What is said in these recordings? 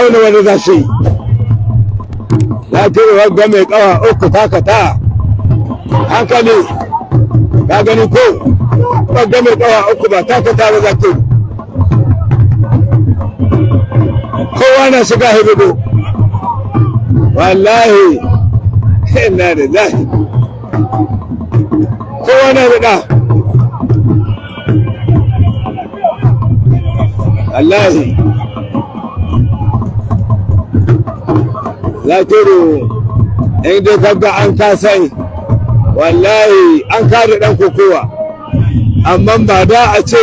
Wani wani za su yi, na tere wagga mai kawa uku takata, hankali, ka gani ko, wagga mai kawa uku ba takata ba za ta yi. Kowa na shiga hibido, wallahi, ina da zahi, kowa na da wallahi lakiru in dai kaga an ka sai wallahi an kare dan kokowa amma ba da a ce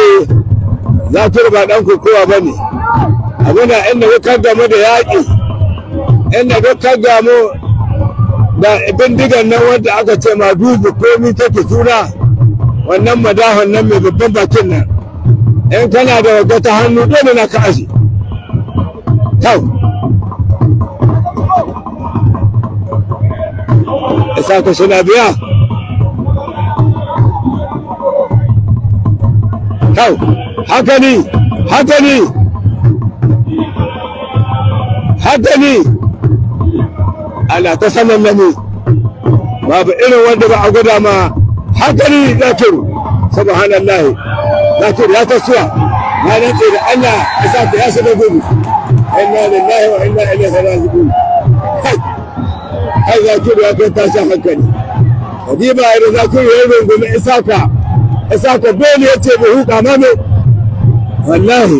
za zakiru ba dan kokowa ba ne abuna inda kuka gamu da yaƙi inda kuka gamu da bindigan nan wanda aka ce ma dubu komi take tura wannan madahon nan mai babban bakin nan ان كان هذا وجهت هانو دولنا كأسي تاو اساكو سنابيا تاو حكني حكني حكني الا تسلمني ما بإلو ودبع قدما حكني لكن سبحان الله wato da ya tasowa na rantse da Allah ya ta ya shiga gudu inna lillahi wa inna ilaihi raji'un ai zakiru ya kai tashi hankali hadiba ya zakiru ya rungume isaka isaka dole ya ce bai huka mame wallahi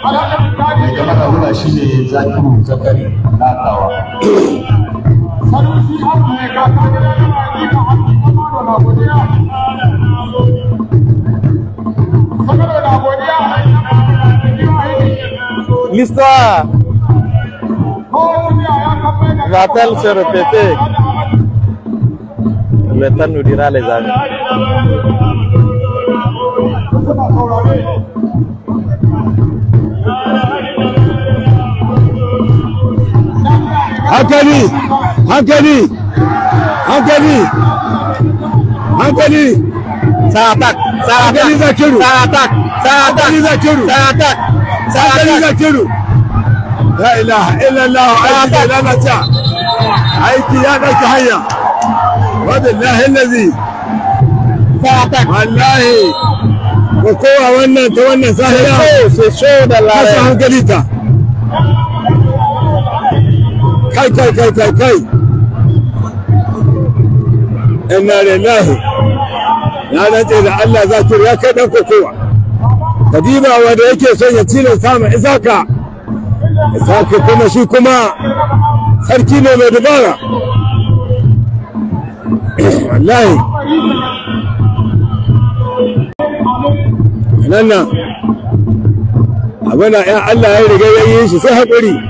mai gama da hula shi ne zakiru zakari latawa Lista Ratel se répétait. Le temps nous dira les amis. hankali hankali ça attaque, saratak attaque, ça attaque, saratak saratak ça attaque, ça attaque, ça attaque, ça attaque, ça attaque, ça attaque, ça attaque, ça attaque, ça attaque, ça attaque, ça attaque, ça attaque, ça attaque, ça attaque, ça attaque, ça kai kai kai kai kai inna lillahi na ce da Allah za ki ya kai dan kokowa kadiba wanda yake son ya cire sama isaka isaka kuma shi kuma sarki ne mai dubara wallahi nan nan abin da Allah ya riga ya yi shi sai haƙuri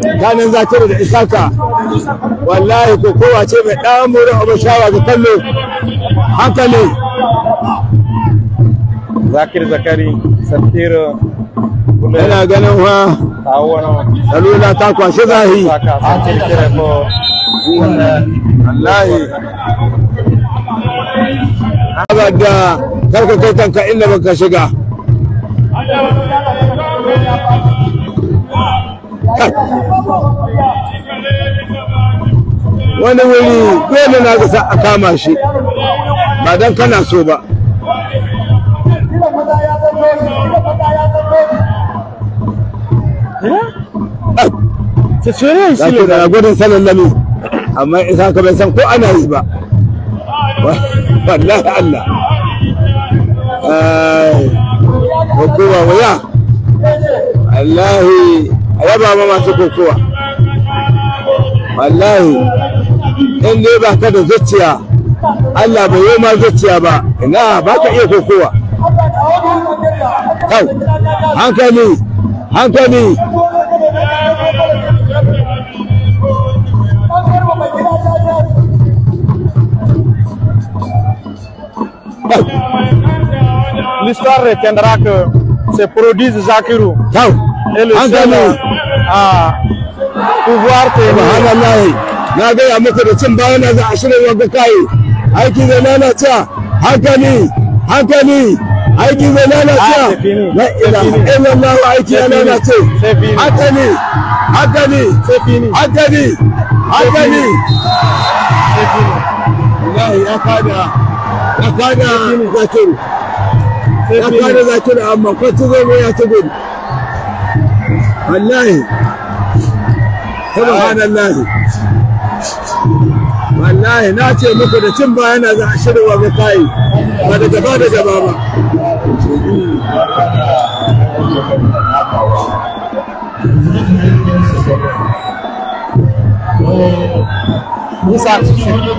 ganin zakira da isaka wallahi ko kowa ce mai ɗan murin abashawa ga kallo hankali zakir zakari safiro yana ganin wa lalula ta kwashe zahi wallahi haka da karka kai kanka inda baka shiga wani wuri dole na ga a kama shi ba dan kana so ba Tsoron shi ne. Da gudun amma isa ka bai san ko ana yi ba. Wallahi Allah. Hukuma waya. Wallahi raba ma masu kokowa wallahi in dai ba ka da zuciya Allah bai yi ma zuciya ba ina ba ka iya kokowa kau hankali hankali L'histoire retiendra que c'est produit Zakirou. Ciao. et ah. le na gaya maka da cin bayan za a shirya wanda kai aiki zai lalata hankali hankali aiki zai lalata ah, na ila illallah eh, aiki ya lalace hankali hankali hankali hankali ya kada ya kada zakiru ya kada zakiru amma kwatu zai ya ta wallahi subhanallahi wallahi na ce muku da cin baya na za a shirwa ga kayi ba da gaba da gaba ba